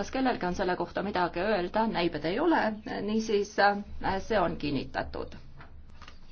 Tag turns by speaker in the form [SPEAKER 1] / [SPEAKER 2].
[SPEAKER 1] kas kellelgi on selle kohta midagi öelda, näib, et ei ole, niisiis äh, see on kinnitatud